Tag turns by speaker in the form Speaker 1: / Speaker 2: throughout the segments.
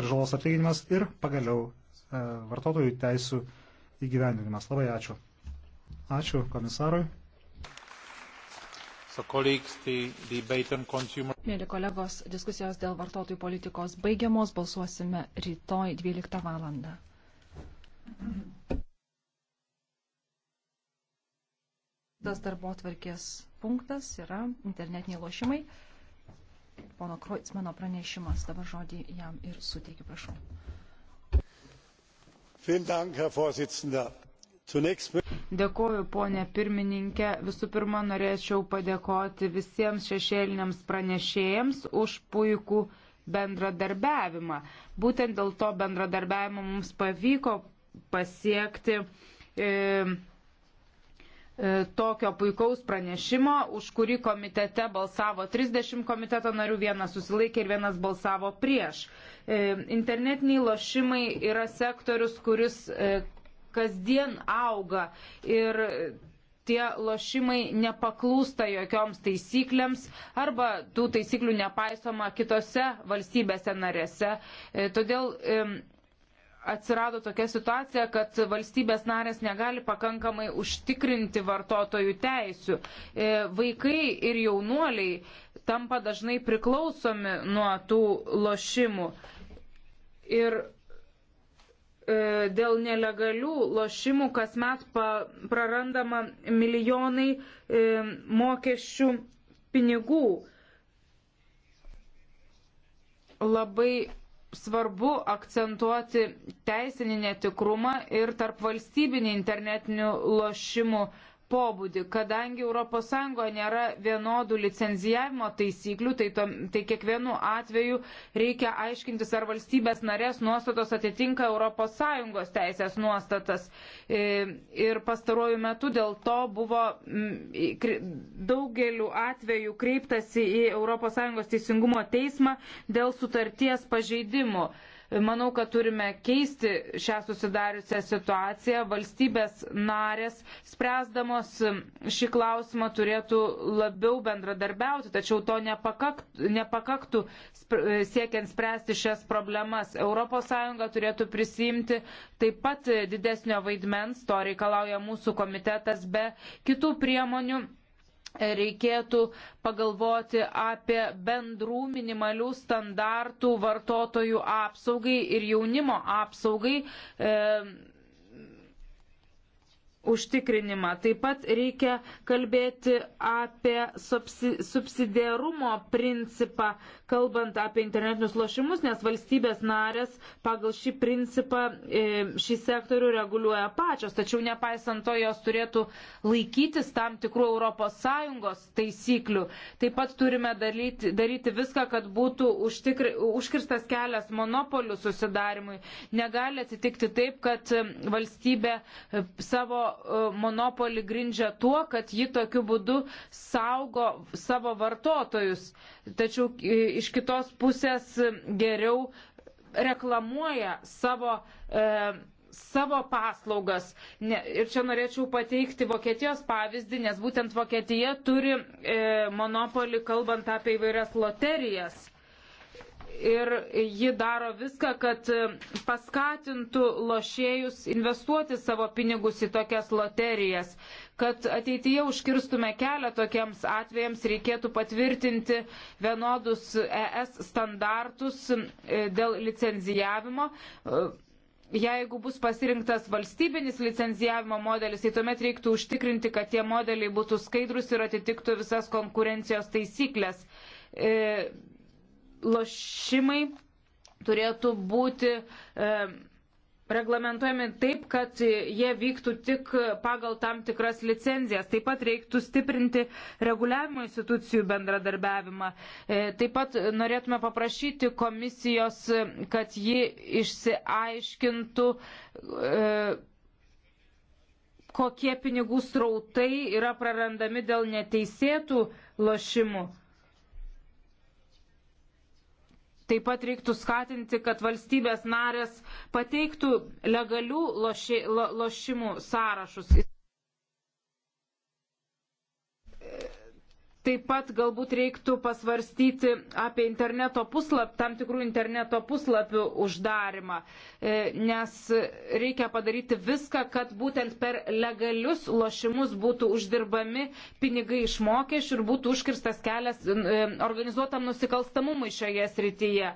Speaker 1: ir žalos atlyginimas ir pagaliau e, vartotojų teisų įgyvendinimas. Labai ačiū. Ačiū komisarui. So, consumer...
Speaker 2: Mėly kolegos, diskusijos dėl vartotojų politikos baigiamos, balsuosime rytoj 12 valandą. Tas darbo tvarkės punktas yra internetiniai lošimai pono Kroitsmano pranešimas. Dabar žodį jam ir suteikiu,
Speaker 1: prašau.
Speaker 3: Dėkuoju, ponė pirmininkė. Visų pirma, norėčiau padėkoti visiems šešėliniams pranešėjams už puikų bendradarbiavimą. Būtent dėl to bendradarbiavimo mums pavyko pasiekti. E, E, tokio puikaus pranešimo, už kurį komitete balsavo 30 komiteto narių, vienas susilaikė ir vienas balsavo prieš. E, internetiniai lošimai yra sektorius, kuris e, kasdien auga ir tie lošimai nepaklūsta jokioms taisyklėms arba tų taisyklių nepaisoma kitose valstybėse narėse. Todėl atsirado tokia situacija, kad valstybės narės negali pakankamai užtikrinti vartotojų teisių. E, vaikai ir jaunuoliai tampa dažnai priklausomi nuo tų lošimų. Ir e, dėl nelegalių lošimų kasmet prarandama milijonai e, mokesčių pinigų. Labai svarbu akcentuoti teisinį netikrumą ir tarp valstybinį internetinių lošimų pobūdį. Kadangi ES nėra vienodų licenzijavimo taisyklių, tai, to, tai kiekvienu atveju reikia aiškintis, ar valstybės narės nuostatos atitinka ES teisės nuostatas. E, ir pastaruoju metu dėl to buvo daugeliu atveju kreiptasi į ES teisingumo teismą dėl sutarties pažeidimų. Manau, kad turime keisti šią susidariusią situaciją. Valstybės narės, spręsdamos šį klausimą, turėtų labiau bendradarbiauti, tačiau to nepakaktų, nepakaktų siekiant spręsti šias problemas. ES turėtų prisimti taip pat didesnio vaidmens, to reikalauja mūsų komitetas, be kitų priemonių reikėtų pagalvoti apie bendrų minimalių standartų vartotojų apsaugai ir jaunimo apsaugai. E, užtikrinimą. Taip pat reikia kalbėti apie subsidiarumo principą, kalbant apie internetinius lošimus, nes valstybės narės pagal šį principą e, šį sektorių reguliuoja pačios. Tačiau nepaisant to, jos turėtų laikytis tam tikrų ES taisyklių. Taip pat turime daryti, daryti viską, kad būtų užtikri, užkirstas kelias monopolių susidarimui. Negali atsitikti taip, kad e, valstybė e, savo E, monopolį grindžia tuo, kad ji tokiu būdu saugo savo vartotojus, tačiau e, iš kitos pusės e, geriau reklamuoja savo e, savo paslaugas. Ne, ir čia norėčiau pateikti Vokietijos pavyzdį, nes būtent Vokietija turi e, monopolį kalbant apie įvairias loterijas ir ji daro viską, kad paskatintų lošėjus investuoti savo pinigus į tokias loterijas. Kad ateityje užkirstume kelią tokiems atvejams, reikėtų patvirtinti vienodus ES standartus e, dėl licenzijavimo. E, jeigu bus pasirinktas valstybinis licenzijavimo modelis, tai tuomet reiktų užtikrinti, kad tie modeliai būtų skaidrus ir atitiktų visas konkurencijos taisyklės. E, lošimai turėtų būti e, reglamentuojami taip, kad jie vyktų tik pagal tam tikras licenzijas. Taip pat reiktų stiprinti reguliavimo institucijų bendradarbiavimą. E, taip pat norėtume paprašyti komisijos, kad ji išsiaiškintų, e, kokie pinigų strautai yra prarandami dėl neteisėtų lošimų. Taip pat reiktų skatinti, kad valstybės narės pateiktų legalių loši, lo, lošimų sąrašus. Taip pat galbūt reiktų pasvarstyti apie interneto puslap, tam tikrų interneto puslapių uždarimą, e, nes reikia padaryti viską, kad būtent per legalius lošimus būtų uždirbami pinigai iš mokesčių ir būtų užkirstas kelias e, organizuotam nusikalstamumui šioje srityje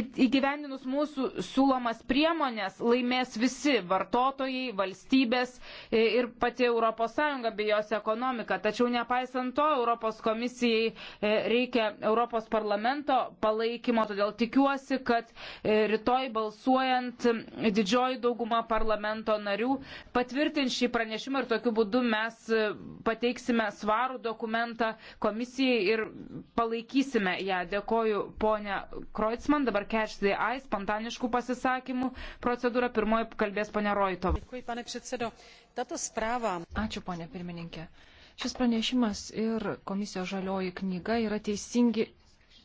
Speaker 3: įgyvendinus mūsų siūlomas priemonės laimės visi vartotojai, valstybės ir pati ES bei jos ekonomika. Tačiau nepaisant to, Europos komisijai e, reikia Europos parlamento palaikymo, todėl tikiuosi, kad e, rytoj balsuojant didžioji dauguma parlamento narių patvirtins šį pranešimą ir tokiu būdu mes e, pateiksime svarų dokumentą komisijai ir palaikysime ją. Dėkoju, ponia Kreutzmann. Dabar dabar catch the eye, spontaniškų pasisakymų procedūra. Pirmoji kalbės ponė Roito.
Speaker 2: Ačiū, ponė pirmininkė. Šis pranešimas ir komisijos žalioji knyga yra teisingi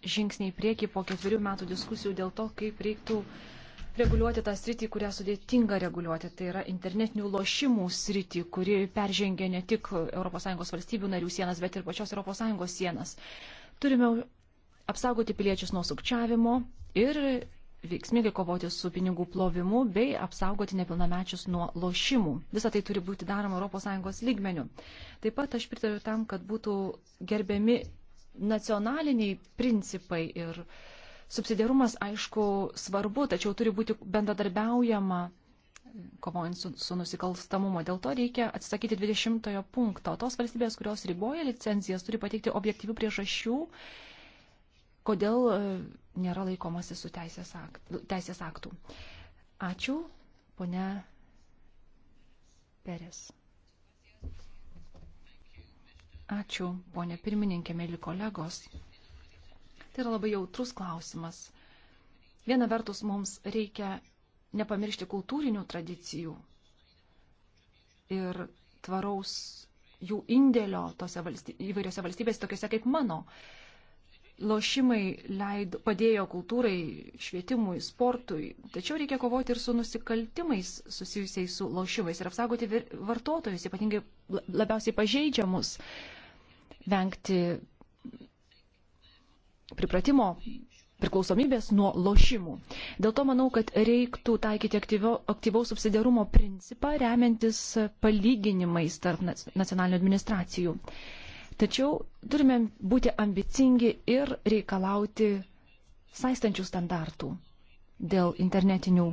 Speaker 2: žingsniai prieki po ketverių metų diskusijų dėl to, kaip reiktų reguliuoti tą sritį, kurią sudėtinga reguliuoti. Tai yra internetinių lošimų sritį, kuri peržengia ne tik ES valstybių narių sienas, bet ir pačios ES sienas. Turime apsaugoti piliečius nuo sukčiavimo, ir veiksmingai kovoti su pinigų plovimu bei apsaugoti nepilnamečius nuo lošimų. Visą tai turi būti daroma ES lygmenių. Taip pat aš pritariu tam, kad būtų gerbiami nacionaliniai principai ir subsidiarumas, aišku, svarbu, tačiau turi būti bendradarbiaujama kovojant su, su nusikalstamumo. Dėl to reikia atsisakyti 20 punkto. Tos valstybės, kurios riboja licencijas, turi pateikti objektyvių priežasčių, kodėl nėra laikomasi su teisės, akt, teisės aktų. Ačiū, ponia Peres. Ačiū, ponė pirmininkė, mėly kolegos. Tai yra labai jautrus klausimas. Viena vertus mums reikia nepamiršti kultūrinių tradicijų ir tvaraus jų indėlio tose valsty, įvairiose valstybėse, tokiuose kaip mano. Uh, lošimai leid, padėjo kultūrai, švietimui, sportui, tačiau reikia kovoti ir su nusikaltimais susijusiais su lošimais ir apsaugoti vartotojus, ypatingai labiausiai pažeidžiamus, vengti pripratimo priklausomybės nuo lošimų. Dėl to manau, kad reiktų taikyti aktyvio, aktyvaus subsidiarumo principą, remiantis palyginimais tarp nacionalinių administracijų. Uh, Tačiau turime būti ambicingi ir reikalauti saistančių standartų dėl internetinių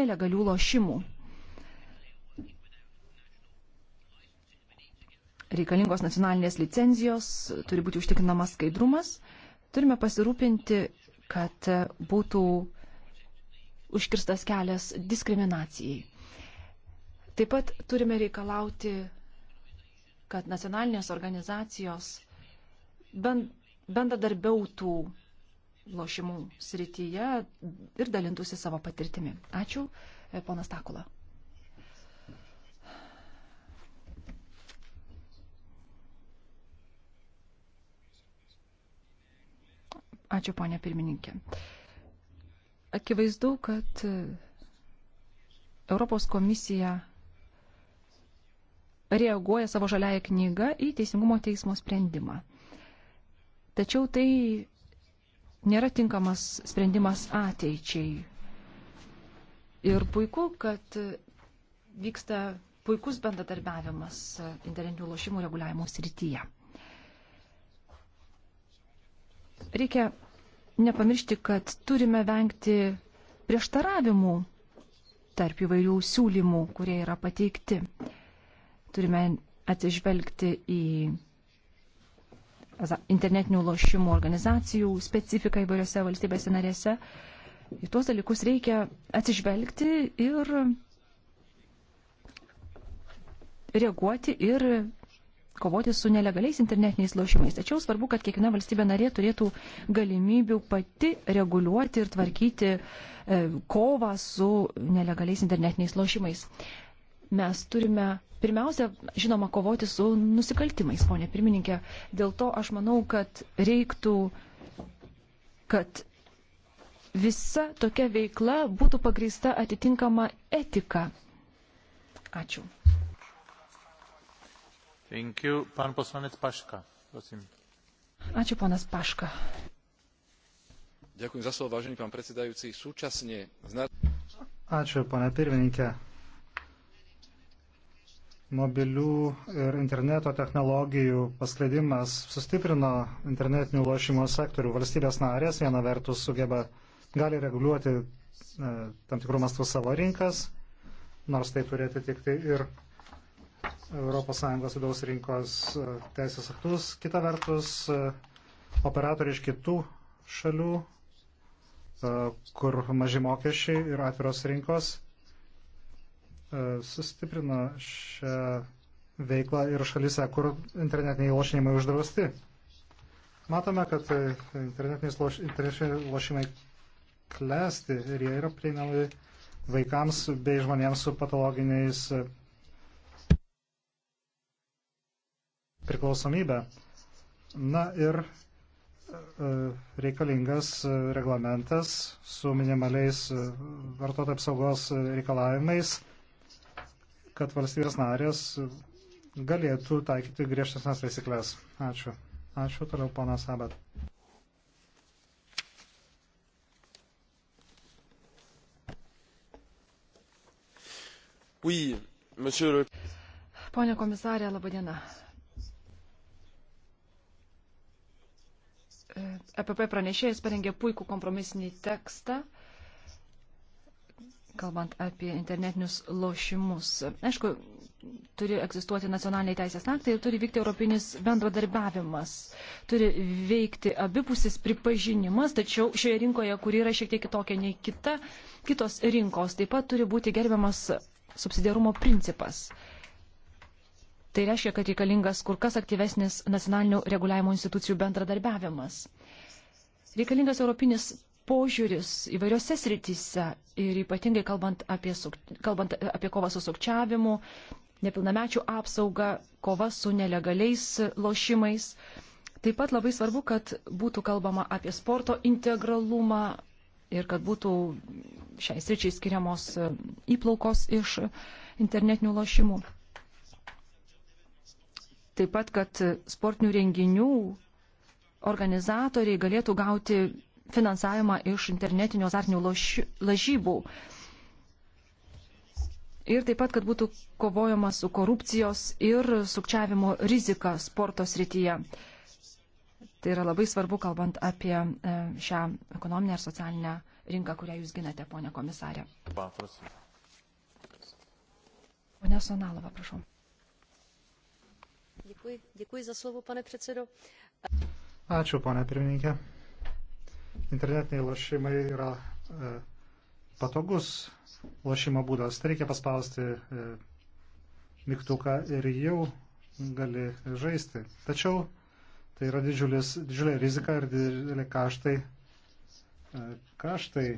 Speaker 2: nelegalių lošimų. Reikalingos nacionalinės licenzijos, turi būti užtikrinamas skaidrumas. Turime pasirūpinti, kad būtų užkirstas kelias diskriminacijai. Taip pat turime reikalauti kad nacionalinės organizacijos bendradarbiautų lošimų srityje ir dalintųsi savo patirtimi. Ačiū, e, ponas Takula. Ačiū, ponė pirmininkė. Akivaizdu, kad Europos komisija reaguoja savo žaliąją knygą į Teisingumo teismo sprendimą. Tačiau tai nėra tinkamas sprendimas ateičiai. Ir puiku, kad vyksta puikus bendradarbiavimas internetinių lošimų reguliavimo srityje. Reikia nepamiršti, kad turime vengti prieštaravimų tarp įvairių siūlymų, kurie yra pateikti. Turime atsižvelgti į internetinių lošimų organizacijų specifiką įvairiose valstybėse narėse. Į tuos dalykus reikia atsižvelgti ir reaguoti ir kovoti su nelegaliais internetiniais lošimais. Tačiau svarbu, kad kiekviena valstybė narė turėtų galimybių pati reguliuoti ir tvarkyti e, kovą su nelegaliais internetiniais lošimais. Mes turime Pirmiausia, žinoma, kovoti su nusikaltimais, ponė pirmininkė. Dėl to aš manau, kad reiktų, kad visa tokia veikla būtų pagrįsta atitinkama etika. Ačiū.
Speaker 1: Thank you. Pan poslanec Paška. Prosím. Ačiū, ponas Paška. Ďakujem za slovo, vážený pán predsedajúci. Súčasne... Ačiū, pana pirmininkė mobilių ir interneto technologijų paskleidimas sustiprino internetinių lošimo sektorių. Valstybės narės viena vertus sugeba, gali reguliuoti e, tam tikrų mastų savo rinkas, nors tai turėtų tikti ir ES vidaus rinkos e, teisės aktus. Kita vertus, e, operatoriai iš kitų šalių, e, kur maži mokesčiai ir atviros rinkos E, sustiprino šią veiklą ir šalise, kur internetiniai lošinimai uždrausti. Matome, kad internetiniai loš, lošimai klesti ir jie yra prieinami vaikams bei žmonėms su patologiniais priklausomybė. Na ir e, reikalingas reglamentas su minimaliais e, vartotojų apsaugos reikalavimais kad valstybės narės galėtų taikyti griežtesnės taisyklės. Ačiū. Ačiū toliau, ponas Abat.
Speaker 3: Oui, monsieur...
Speaker 2: Pone komisarė, laba diena. EPP e pranešėjas parengė puikų kompromisinį tekstą kalbant apie internetinius lošimus. Aišku, turi egzistuoti nacionaliniai teisės aktai ir turi vykti europinis bendradarbiavimas. Turi veikti abipusis pripažinimas, tačiau šioje rinkoje, kuri yra šiek tiek kitokia nei kita, kitos rinkos, taip pat turi būti gerbiamas subsidiarumo principas. Tai reiškia, kad reikalingas kur kas aktyvesnis nacionalinių reguliavimo institucijų bendradarbiavimas. Reikalingas europinis požiūris įvairiose srityse ir ypatingai kalbant apie, kalbant apie kovą su sukčiavimu, nepilnamečių apsaugą, kovą su nelegaliais lošimais. Taip pat labai svarbu, kad būtų kalbama apie sporto integralumą ir kad būtų šiais ryčiai skiriamos įplaukos iš internetinių lošimų. Taip pat, kad sportinių renginių organizatoriai galėtų gauti finansavimą iš internetinių azartinių lažybų. Ir taip pat, kad būtų kovojama su korupcijos ir sukčiavimo rizika sporto srityje. Tai yra labai svarbu, kalbant apie e, šią ekonominę ir socialinę rinką, kurią jūs ginate, ponė komisarė.
Speaker 1: Pone Sonalova, prašau.
Speaker 2: Dėkui, dėkui za slovo, pane
Speaker 1: predsedo. Ačiū, ponė pirmininkė. Internetiniai lošimai yra e, patogus lošimo būdas. Tai reikia paspausti e, mygtuką ir jau gali žaisti. Tačiau tai yra didžiulis, didžiulė rizika ir didžiulė kaštai. E, kaštai.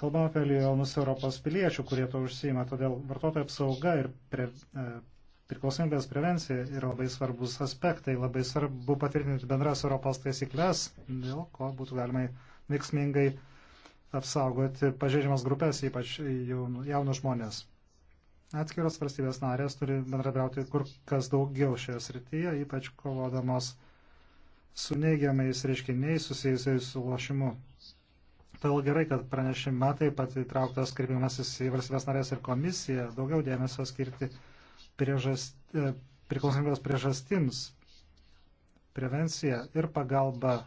Speaker 1: Kalbam apie milijonus Europos piliečių, kurie to užsima, todėl vartotojų apsauga ir pre, e, Priklausomybės prevencija yra labai svarbus aspektai, labai svarbu patvirtinti bendras Europos taisyklės, dėl ko būtų galima veiksmingai apsaugoti pažeidžiamas grupės, ypač jaunus žmonės. Atskiros valstybės narės turi bendradarbiauti kur kas daugiau šioje srityje, ypač kovodamos su neigiamais reiškiniais susijusiais su lošimu. Todėl gerai, kad pranešime taip pat įtrauktas kreipimasis į valstybės narės ir komisiją daugiau dėmesio skirti priežast, e, priklausomybės priežastims, prevencija ir pagalba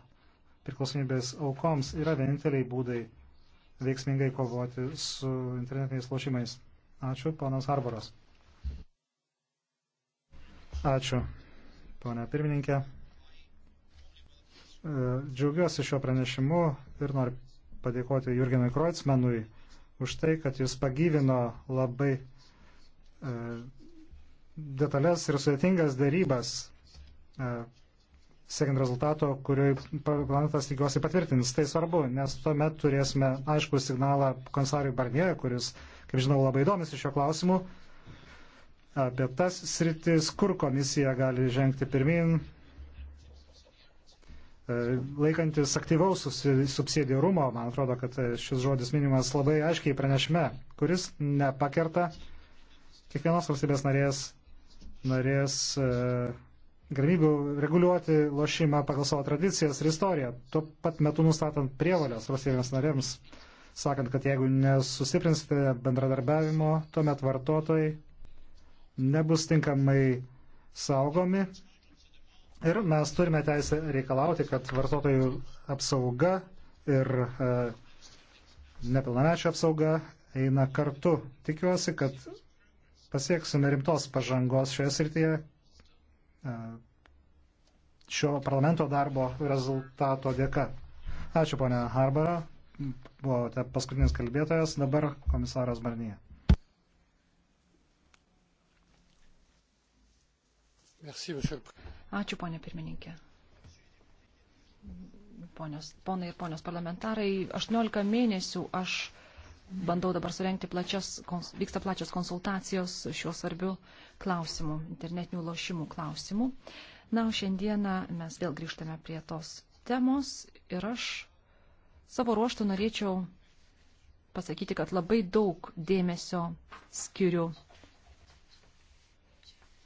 Speaker 1: priklausomybės aukoms yra vieninteliai būdai veiksmingai kovoti su internetiniais lošimais. Ačiū, ponas Arboras. Ačiū, ponė pirmininkė. E, džiaugiuosi šio pranešimu ir noriu padėkoti Jurgenui Kreutzmanui už tai, kad jis pagyvino labai e, detalės ir sudėtingas darybas, e, siekiant rezultato, kurį parlamentas tikiuosi patvirtins. Tai svarbu, nes tuomet turėsime aišku signalą komisariui Barnier, kuris, kaip žinau, labai įdomis iš šio klausimu, apie tas sritis, kur komisija gali žengti pirmin, e, laikantis aktyvaus subsidiarumo, man atrodo, kad šis žodis minimas labai aiškiai pranešme, kuris nepakerta kiekvienos valstybės narės narės e, galimybių reguliuoti lošimą pagal savo tradicijas ir istoriją, tuo pat metu nustatant prievalės valstybėms narėms, sakant, kad jeigu nesustiprinsite bendradarbiavimo, tuomet vartotojai nebus tinkamai saugomi ir mes turime teisę reikalauti, kad vartotojų apsauga ir e, nepilnamečio apsauga eina kartu. Tikiuosi, kad pasieksime rimtos pažangos šioje srityje. E, šio parlamento darbo rezultato dėka. Ačiū, ponia Harbara. Buvote paskutinis kalbėtojas, dabar komisaras Barnyje. Ačiū,
Speaker 2: ponė pirmininkė. Ponios, ponai ir ponios parlamentarai, 18 mėnesių aš bandau dabar surenkti plačias, vyksta plačias konsultacijos šiuo svarbiu klausimu, internetinių lošimų klausimu. Na, o šiandieną mes vėl grįžtame prie tos temos ir aš savo ruoštų norėčiau pasakyti, kad labai daug dėmesio skiriu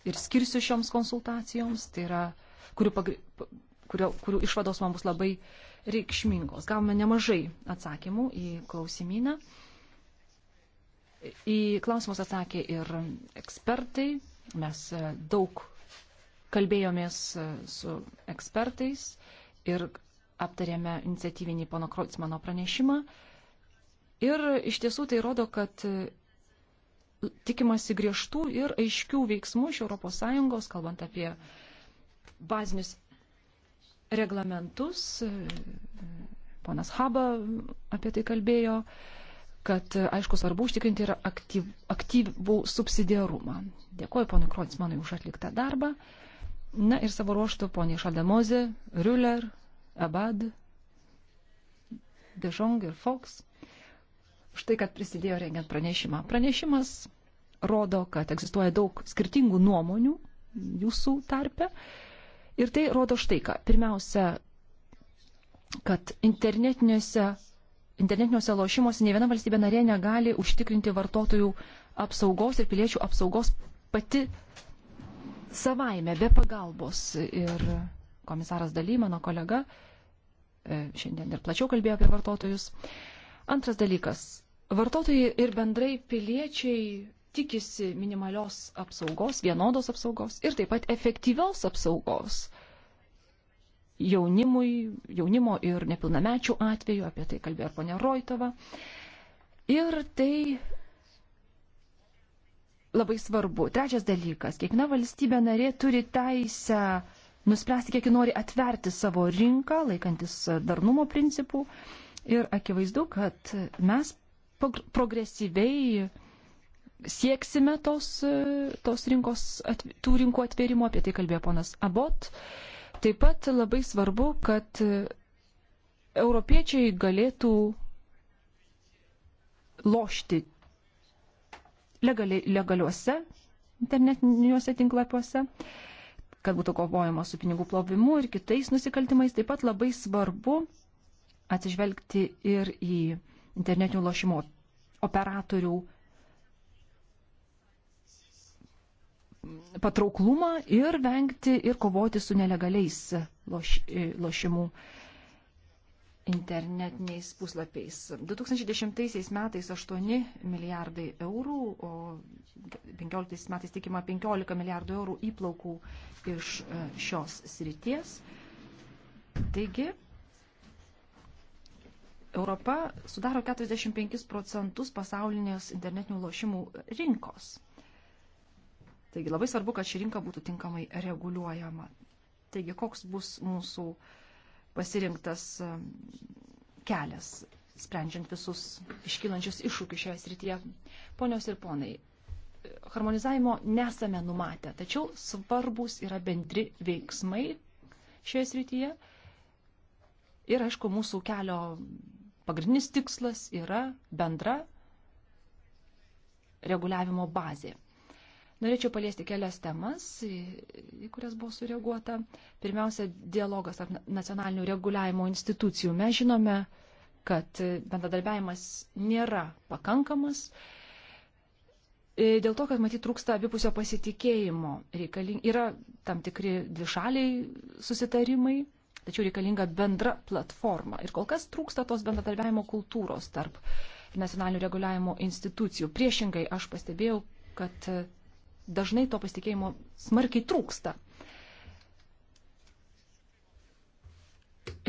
Speaker 2: ir skirsiu šioms konsultacijoms, tai yra, kurių, pagri, kurio, kurių išvados man bus labai reikšmingos. Gavome nemažai atsakymų į klausimyną. Į klausimus atsakė ir ekspertai. Mes e, daug kalbėjomės e, su ekspertais ir aptarėme iniciatyvinį pono Kreutzmano pranešimą. Ir iš tiesų tai rodo, kad e, tikimasi griežtų ir aiškių veiksmų iš ES, kalbant apie bazinius reglamentus. Ponas Haba apie tai kalbėjo kad, aišku, svarbu užtikrinti ir aktyv, aktyvų subsidiarumą. Dėkuoju ponui Kroicmanui už atliktą darbą. Na ir savo ruoštų poniai Šaldemozė, Rüller, Abad, Dežong ir Fox. Štai, kad prisidėjo rengiant pranešimą. Pranešimas rodo, kad egzistuoja daug skirtingų nuomonių jūsų tarpe. Ir tai rodo štai ką. Pirmiausia, kad internetiniuose internetiniuose lošimuose ne viena valstybė narė negali užtikrinti vartotojų apsaugos ir piliečių apsaugos pati savaime, be pagalbos. Ir komisaras Daly, mano kolega, e, šiandien ir plačiau kalbėjo apie vartotojus. Antras dalykas. Vartotojai ir bendrai piliečiai tikisi minimalios apsaugos, vienodos apsaugos ir taip pat efektyvios apsaugos jaunimui, jaunimo ir nepilnamečių atveju, apie tai kalbėjo ir ponia Roitova. Ir tai labai svarbu. Trečias dalykas, kiekviena valstybė narė turi teisę nuspręsti, kiek ji nori atverti savo rinką, laikantis darnumo principų. Ir akivaizdu, kad mes progresyviai sieksime tos, tos rinkos, tų rinkų atvėrimo, apie tai kalbėjo ponas Abot. Taip pat labai svarbu, kad europiečiai galėtų lošti legali, legaliuose internetiniuose tinklapiuose, kad būtų kovojama su pinigų plovimu ir kitais nusikaltimais. Taip pat labai svarbu atsižvelgti ir į internetinių lošimo operatorių patrauklumą ir vengti ir kovoti su nelegaliais loš, e, lošimų internetiniais puslapiais. 2010 metais 8 milijardai eurų, o 2015 metais tikima 15 milijardų eurų įplaukų iš e, šios srities. Taigi, Europa sudaro 45 procentus pasaulinės internetinių lošimų rinkos. Taigi labai svarbu, kad ši rinka būtų tinkamai reguliuojama. Taigi koks bus mūsų pasirinktas um, kelias, sprendžiant visus iškylančius iššūkius šioje srityje. Ponios ir ponai, harmonizavimo nesame numatę, tačiau svarbus yra bendri veiksmai šioje srityje. Ir aišku, mūsų kelio pagrindinis tikslas yra bendra reguliavimo bazė. Norėčiau paliesti kelias temas, į kurias buvo sureaguota. Pirmiausia, dialogas tarp nacionalinių reguliavimo institucijų. Mes žinome, kad bendradarbiavimas nėra pakankamas. E, dėl to, kad matyt trūksta abipusio pasitikėjimo, reikaling, yra tam tikri dvišaliai susitarimai, tačiau reikalinga bendra platforma. Ir kol kas trūksta tos bendradarbiavimo kultūros tarp nacionalinių reguliavimo institucijų. Priešingai aš pastebėjau, kad dažnai to pasitikėjimo smarkiai trūksta.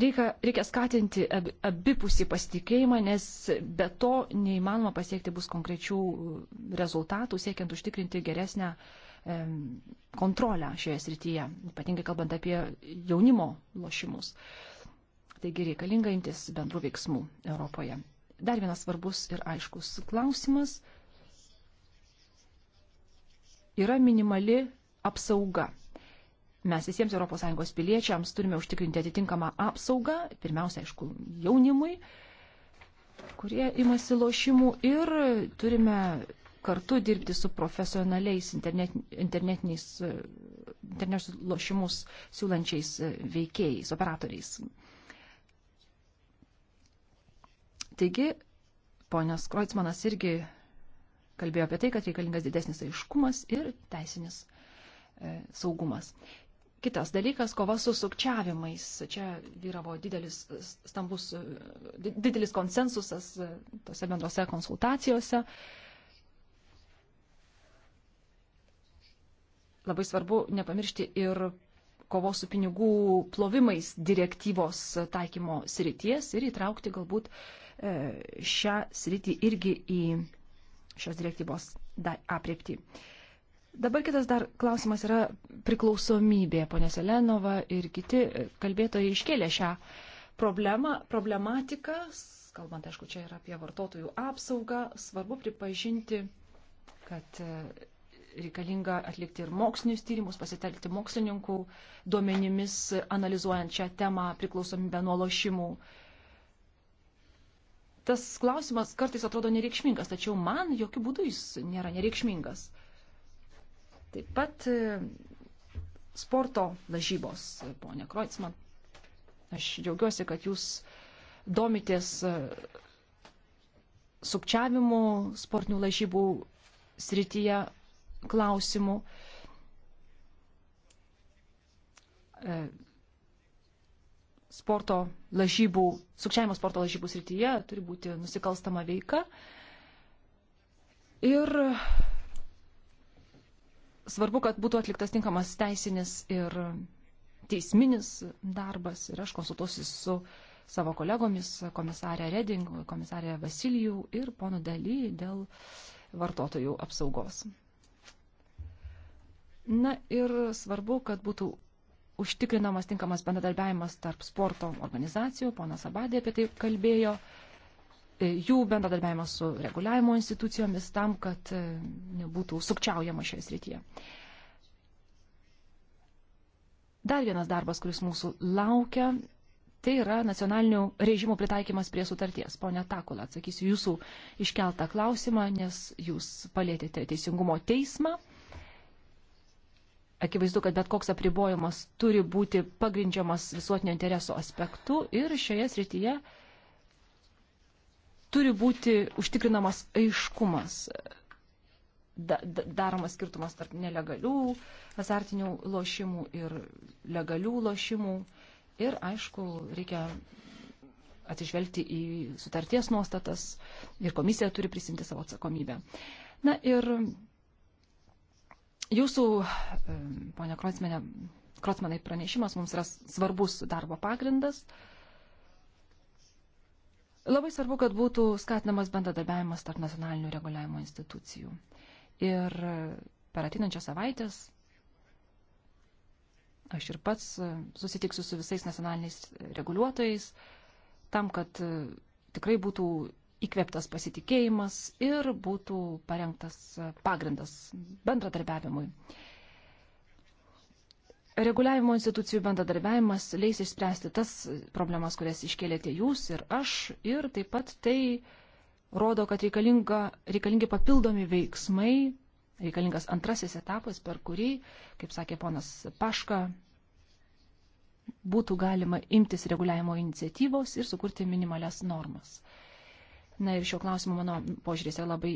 Speaker 2: Reikia, reikia skatinti abipusį pasitikėjimą, nes be to neįmanoma pasiekti bus konkrečių rezultatų, siekiant užtikrinti geresnę kontrolę šioje srityje, ypatingai kalbant apie jaunimo lošimus. Taigi reikalinga imtis bendrų veiksmų Europoje. Dar vienas svarbus ir aiškus klausimas yra minimali apsauga. Mes visiems ES piliečiams turime užtikrinti atitinkamą apsaugą, pirmiausia, aišku, jaunimui, kurie imasi lošimų ir turime kartu dirbti su profesionaliais internet, internetiniais, internetinius lošimus siūlančiais veikėjais, operatoriais. Taigi, ponas Kreutzmanas irgi kalbėjo apie tai, kad reikalingas didesnis aiškumas ir teisinis e, saugumas. Kitas dalykas - kova su sukčiavimais. Čia vyravo didelis, e, stambus, e, didelis konsensusas e, tose bendrose konsultacijose. Labai svarbu nepamiršti ir kovos su pinigų plovimais direktyvos taikymo srities ir įtraukti galbūt šią sritį irgi į šios direktyvos apriepti. Dabar kitas dar klausimas yra priklausomybė. Pone Selenova ir kiti e, kalbėtojai iškėlė šią problemą, problematiką, kalbant, aišku, čia yra apie vartotojų apsaugą, svarbu pripažinti, kad e, reikalinga atlikti ir mokslinius tyrimus, pasitelkti mokslininkų duomenimis, analizuojant šią temą priklausomybę nuo lošimų. Uh, tas klausimas kartais atrodo nereikšmingas, tačiau man jokių būdų jis nėra nereikšmingas. Taip pat e, sporto lažybos, e, ponė Kroitsman, aš džiaugiuosi, kad jūs domitės e, sukčiavimu sportinių lažybų srityje klausimų sporto lažybų, sukčiavimo sporto lažybų srityje turi būti nusikalstama veika. Ir svarbu, kad būtų atliktas tinkamas teisinis ir teisminis darbas. Ir aš konsultuosiu su savo kolegomis, komisarė Reding, komisarė Vasilijų ir pono Daly dėl vartotojų apsaugos. Na ir svarbu, kad būtų užtikrinamas tinkamas bendradarbiavimas tarp sporto organizacijų, ponas Abadė apie tai kalbėjo, e, jų bendradarbiavimas su reguliavimo institucijomis tam, kad e, nebūtų sukčiaujama šioje srityje. Dar vienas darbas, kuris mūsų laukia, tai yra nacionalinių režimų pritaikymas prie sutarties. Pone Takula, atsakysiu jūsų iškeltą klausimą, nes jūs palėtėte teisingumo teismą Akivaizdu, kad bet koks apribojimas turi būti pagrindžiamas visuotinio intereso aspektu ir šioje srityje turi būti užtikrinamas aiškumas, da, da, daromas skirtumas tarp nelegalių azartinių lošimų ir legalių lošimų. Ir, aišku, reikia atsižvelgti į sutarties nuostatas ir komisija turi prisimti savo atsakomybę. Na ir Jūsų, ponia Krosmanai, pranešimas mums yra svarbus darbo pagrindas. Labai svarbu, kad būtų skatinamas bendradarbiavimas tarp nacionalinių reguliavimo institucijų. Ir per ateinančias savaitės aš ir pats e, susitiksiu su visais nacionaliniais reguliuotojais tam, kad e, tikrai būtų įkvėptas pasitikėjimas ir būtų parengtas pagrindas bendradarbiavimui. Reguliavimo institucijų bendradarbiavimas leis išspręsti tas problemas, kurias iškėlėte jūs ir aš, ir taip pat tai rodo, kad reikalingi papildomi veiksmai, reikalingas antrasis etapas, per kurį, kaip sakė ponas Paška, būtų galima imtis reguliavimo iniciatyvos ir sukurti minimalias normas. Na ir šio klausimo mano požiūrės yra labai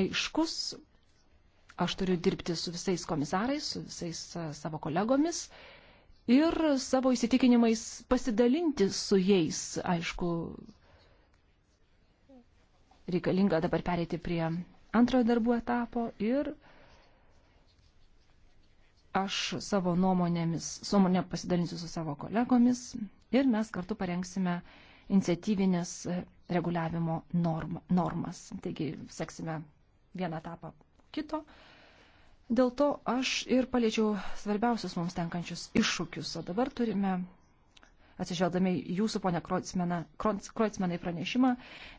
Speaker 2: aiškus. Aš turiu dirbti su visais komisarais, su visais e, savo kolegomis ir savo įsitikinimais pasidalinti su jais. Aišku, reikalinga dabar pereiti prie antrojo darbų etapo ir aš savo nuomonėmis, su nuomonė pasidalinsiu su savo kolegomis ir mes kartu parengsime iniciatyvinės reguliavimo norm, normas. Taigi seksime vieną etapą kito. Dėl to aš ir paliečiau svarbiausius mums tenkančius iššūkius, o dabar turime, atsižvelgdami jūsų, ponia Kroitsmenai, pranešimą,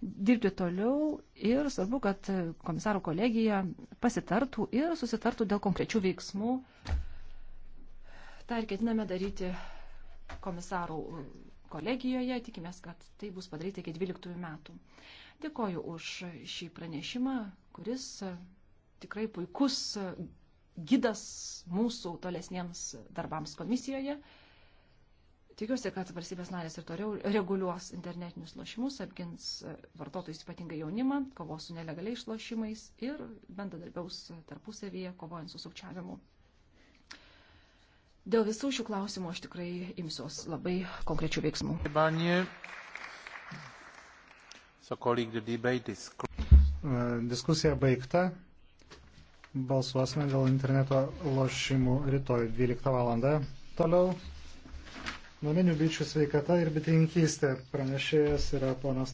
Speaker 2: dirbti toliau ir svarbu, kad komisarų kolegija pasitartų ir susitartų dėl konkrečių veiksmų. Tai ir ketiname daryti komisarų kolegijoje. Tikimės, kad tai bus padaryta iki 12 metų. Dėkoju už šį pranešimą, kuris e, tikrai puikus e, gydas mūsų tolesniems darbams komisijoje. Tikiuosi, kad valstybės narės ir toliau reguliuos internetinius lošimus, apgins e, vartotojus ypatingai jaunimą, kovos su nelegaliais lošimais ir bendradarbiaus tarpusavyje, kovojant su sukčiavimu Dėl visų šių klausimų aš tikrai
Speaker 1: imsiuos labai konkrečių veiksmų. E, diskusija baigta. Balsuosime dėl interneto lošimų rytoj 12 val. Toliau. Naminių bičių sveikata ir bitininkystė. Pranešėjas yra ponas.